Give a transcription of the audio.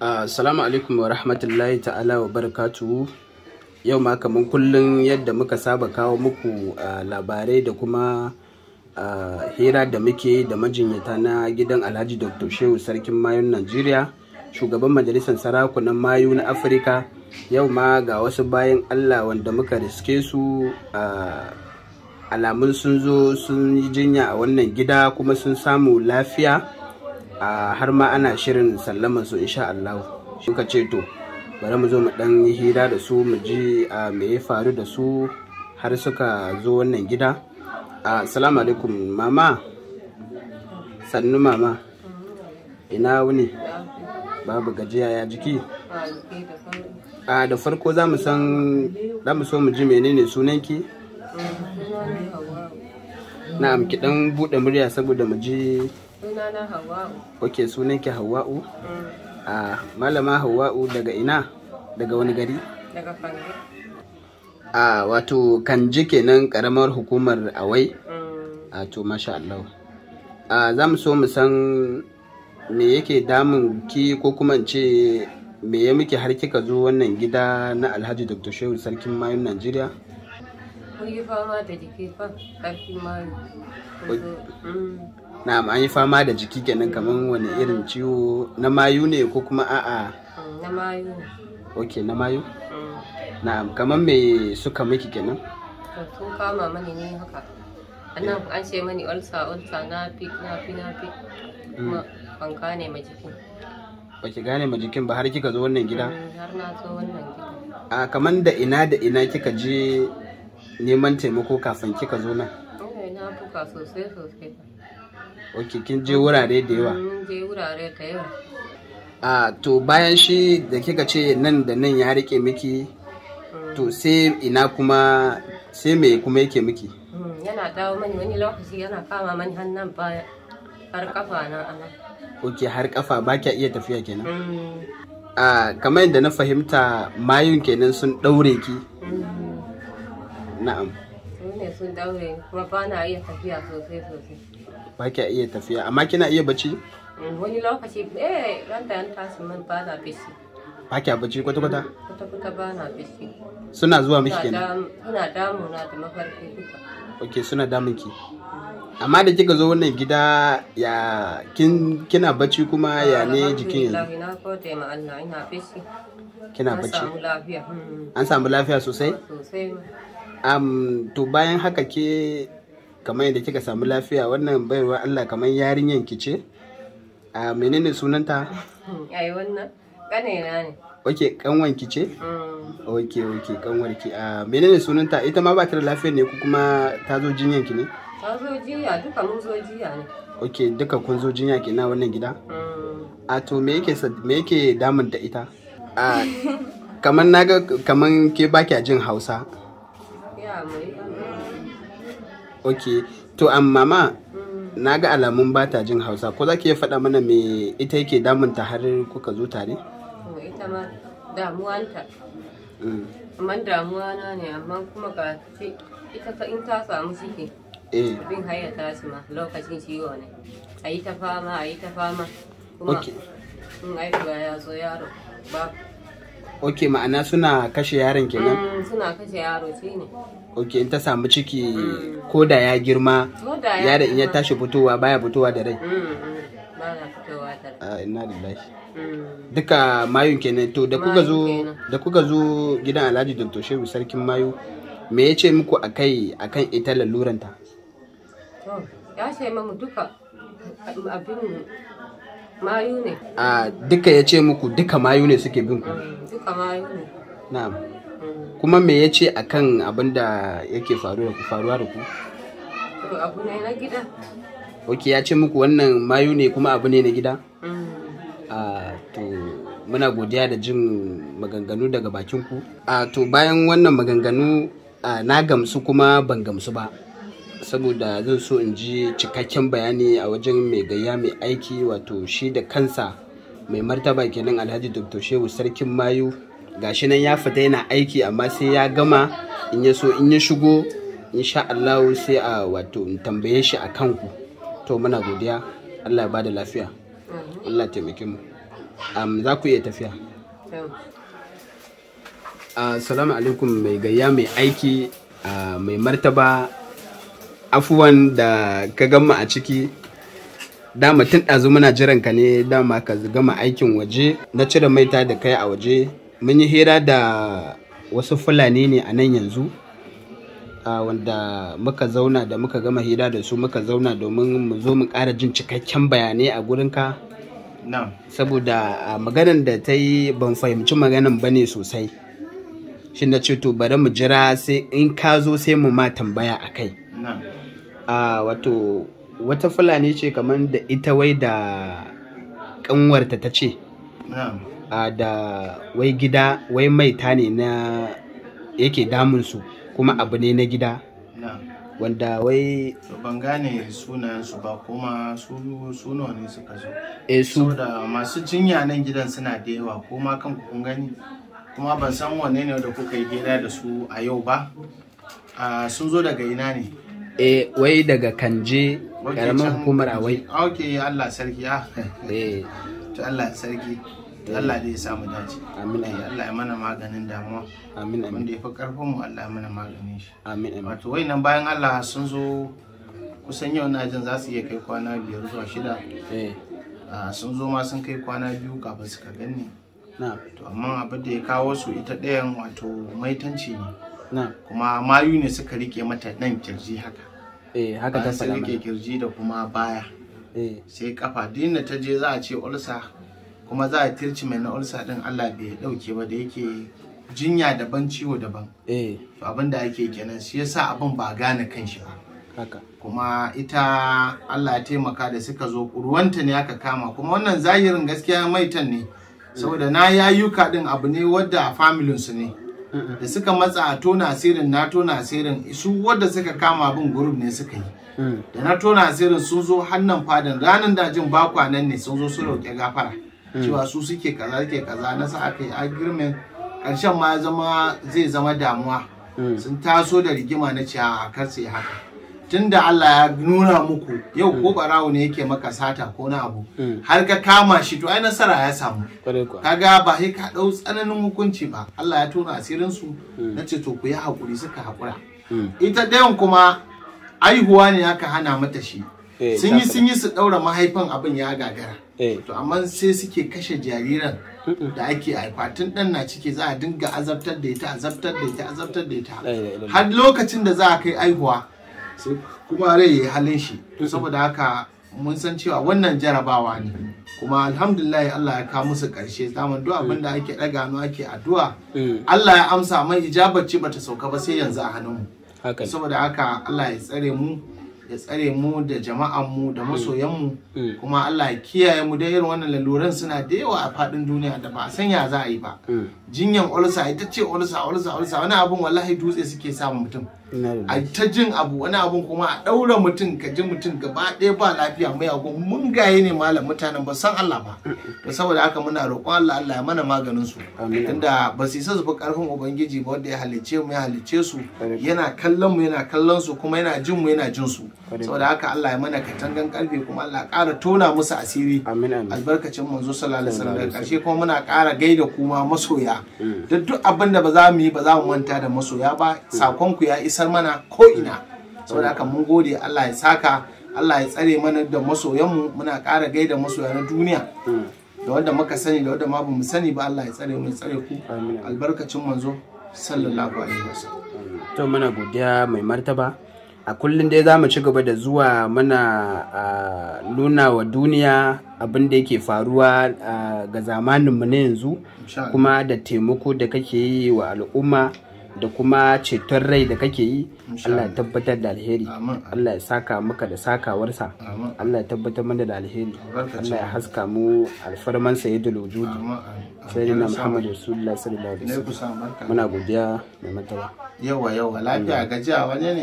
Ah, assalamu alaikum wa rahmatullahi ta'ala wa barakatu yau ma kamar kullum yadda muka saba kawo muku ah, labarai da kuma ah, hira da muke da majinyata na gidan alhaji dr shehu sarkin mayun najeriya shugaban majalisar sarakunan mayu na afirka yau ma ga wasu bayan allah wanda muka riske su alamun sun zo sun yi jinya a wannan gida kuma sun samu lafiya har ma ana shirin sallaman su insha Allah ka ce to bari mu zo mu dan yi hira da su mu ji me ya faru da su har suka zo wannan gida assalamu alaikum mama sannu mama ina wuni babu gajiya ya jiki a da farko za mu san za mu so mu ji menene sunanki na'am ki dan bude murya saboda mu ji Sunana Hawa'u. Ok, sunanki Hawa'u? Mm. A malama Hawa'u daga ina? Daga wani gari? Daga Fange. A wato Kanji kenan karamar hukumar Awai? Mm. A to masha Allah. A za mu so mu san me yake damun ki ko kuma ce me ya miki har kika zo wannan gida na Alhaji Dr. Shehu Sarkin Mayun Najeriya? Mun yi fama da jiki fa Sarkin Mayun. na'am an yi fama da jiki kenan kamar wani irin ciwo na mayu ne ko kuma a'a na mayu ne ok na mayu mm. na'am kamar me suka miki kenan to kama mani ne haka anan an ce mani ulsa ulsa na fi na fi na fi kuma mm. ban gane ma jikin ba ki gane ma jikin ba har kika zo wannan gida mm, har na zo wannan gida a kamar da ina da ina kika je neman taimako kafin kika zo nan eh, na fuka sosai sosai ok kin je wurare da yawa mm, je wurare ka yawa a to bayan shi da kika ce nan da nan ya rike miki mm. to sai ina kuma sai me kuma yake miki mm, yana dawo mani wani lokaci yana kama mani hannun baya har kafa na ana ok har kafa ba kya iya tafiya kenan a kamar yadda na fahimta mayun kenan sun daure ki na'am iyayen sun daure na iya tafiya sosai sosai ba kya iya tafiya amma kina iya bacci mm, wani lokaci eh ran da an ba na bacci ba kya bacci kwata kwata kwata kwata ba na bacci suna zuwa miki kenan suna damu na da mafarki duka ok suna damun ki amma da kika zo wannan gida ya kin kina bacci kuma ya ne jikin yanzu na gode ma Allah ina bacci kina bacci mm. an samu lafiya sosai sosai Um, to bayan haka ke kamar yadda kika samu lafiya wannan baiwa Allah kamar yarinyan ki ce a menene sunanta ai wannan na ne ok kanwan ki ce mm. ok ok kanwar ki a menene sunanta ita ma ba ta da lafiya ne ku kuma ta zo jinyan ki ne ta zo jinya duka mun zo jinya ne ok duka kun zo jinya ki na wannan gida mm. a to me yake me yake damun da ita a kamar naga kamar ke baki a jin Hausa ok to amma ma mm. na ga alamun ba ta jin hausa ko za ki iya faɗa mana me ita yake ta har kuka zo tare? ita ma damuwanta mm. amma damuwa na ne amma kuma ka ita ka in ta samu ciki eh. bin haya ta su ma lokacin ciwo ne a yi ta fama a yi ta fama kuma in aikuwa ya zo yaro ba ok ma'ana suna kashe yaron kenan mm, suna kashe yaro ne ok in ta samu ciki mm. ko da ya girma yaron in ya tashi fitowa baya fitowa da rai mm, da ah, lillahi duka mayun kenan to da kuka zo gidan alhaji dr shehu sarkin mayu me ya ce muku akai akan ita laluranta ya ce mamu duka abin mayu ne a duka ya ce muku duka mayu ne suke bin ku mm, duka mayu ne na'am mm. kuma me ya ce akan abin da yake faruwa faruwa da ku abu ne na gida ok ya ce muku wannan mayu ne kuma abu ne na gida mm. a to muna godiya da jin maganganu daga bakin ku a to bayan wannan maganganu na gamsu kuma ban gamsu ba saboda zan so in ji cikakken bayani a wajen mai gayya mai aiki wato shi da kansa mai martaba kenan alhaji dr shehu sarkin mayu gashi nan ya fita yana aiki amma sai ya gama in ya so in ya shigo in sha Allah sai a wato in tambaye shi a kanku to muna godiya Allah ya bada lafiya Allah ya taimake mu za ku iya tafiya assalamu alaikum mai gayya mai aiki ah, mai martaba afuwan da ka gama a ciki dama tun ɗazu muna jiran ka ne dama ka gama aikin waje na cire maita da kai a waje mun yi hira da wasu fulani ne a nan yanzu wanda muka zauna da muka gama hira da su muka zauna domin mu zo mu ƙara jin cikakken bayanai a gurin gurinka saboda maganan da ta yi ban fahimci maganan ba ne sosai shi na ce to bari mu jira sai in ka zo sai mu ma tambaya a kai a wato wata fulani ce kamar da ita wai da kanwarta ta ce a da wai gida wai maita ne na yake damunsu kuma abu ne na gida wanda wai so, ban gane sunayensu ba kuma suno ne suka zo e su da masu jinya nan gidan suna da yawa kuma kan kun gani kuma ban san wanne ne da kuka yi gida da su a yau ba sun zo daga ina ne E wai daga kanje karamin hukumar awai ok Allah sarki ya ah. eh to Allah sarki eh. Allah dai ya samu dace amin Allah ya mana maganin damuwa amin amin wanda ya fi karfin mu Allah ya mana maganin shi amin amin wato wai nan bayan Allah sun zo kusan yau na jin za su iya kai kwana biyar zuwa shida eh ah, sun zo ma sun kai kwana biyu kafin ka ganni na to amma abin da ya kawo su ita ɗayan wato maitanci ne kuma mayu ne suka rike mata nan kirji haka eh haka ta rike kirji da kuma baya eh. sai kafa dinna ta je za a ce ulsa kuma za a tirci mai na ulsa din Allah bai dauke ba da yake jinya daban ciwo daban eh to abin da ake kenan shi yasa abin ba gane shi ba haka kuma ita Allah ya taimaka da suka zo ruwanta ne aka kama kuma wannan zahirin gaskiya maitan ne saboda na yayyuka din abu ne wadda a familinsu ne da suka matsa a tona asirin na tona asirin su wadda suka kama bin gurub ne suka yi da na tona asirin sun zo hannun fadin ranar dajin bakwa nan ne sun zo su roƙe gafara cewa su suke kaza suke kaza na sa aka yi agirmen ƙarshen ma zai zama damuwa hmm. sun taso da rigima na ciya a kar su haka tunda Allah ya nuna muku yau ko hmm. barawo ne yake maka sata ko na abu hmm. har ka kama shi to ai nasara ya samu kaga ba sai ka dau tsananin hukunci ba Allah ya tona asirin su hmm. nace to ku yi hakuri suka hakura ita dayan kuma aihuwa ne aka hana mata shi eh, sun yi sun yi su daura mahaifin abin ya gagara eh. to amma sai suke kashe jariran da ake haifa tun dan na ciki za a dinga azabtar da ita azabtar da ita azabtar da ita har lokacin da za a kai aihuwa kuma rai ya halin shi to saboda haka mun san cewa wannan jarabawa ne kuma alhamdulillah Allah ya kawo musu karshe zaman duk abin da ake daga hannu ake addu'a eh. Allah ya amsa mai ijabar ce bata sauka ba sai yanzu a hannun mu saboda haka Allah ya tsare mu ya tsare mu da jama'an mu da eh. masoyan mu eh. kuma Allah ya kiyaye mu da irin wannan laluran suna da yawa a fadin duniya da ba a san ya za a yi ba jinyan ulsa ita ce ulsa ulsa ulsa wani abun wallahi dutse suke samu mutum a ta jin abu wani abun kuma a ɗaura mutum ka ji mutum gaba ɗaya ba lafiya mai agun mun gaye ne malam mutanen ba san Allah ba to saboda haka muna roƙon Allah Allah ya mana maganin su tunda ba su isa su fi ƙarfin ubangiji ba wanda ya halicce mu ya halicce su yana kallon mu yana kallon su kuma yana jin mu yana jin su saboda haka Allah ya mana katangan karfe kuma Allah ƙara tona musu asiri albarkacin manzo sallallahu alaihi wasallam ƙarshe kuma muna ƙara gaida kuma masoya mm. duk abin da ba za mu yi ba za mu manta da masoya ba sakon ku ya isa isar mana ko ina mm. saboda haka mun gode Allah ya saka Allah ya tsare mana da masoyanmu muna kara gaida masoyan duniya mm. da wanda muka sani da wanda ma bamu sani ba Allah ya tsare mu ya tsare ku albarkacin manzo sallallahu alaihi wasallam mm. to muna godiya mai martaba a kullum dai za mu ci gaba da zuwa mana nuna wa duniya abin da yake faruwa ga zamaninmu na yanzu kuma da taimako da kake yi wa al'umma da kuma ceton rai da kake yi Allah ya tabbatar da alheri Allah ya saka maka da sakawarsa Allah ya tabbatar mana da alheri Allah ya haska mu alfarman da wujudi sayyidina Muhammad Rasulullah sallallahu alaihi wasallam muna godiya da matawa yawa yawa lafiya gajiya wane ne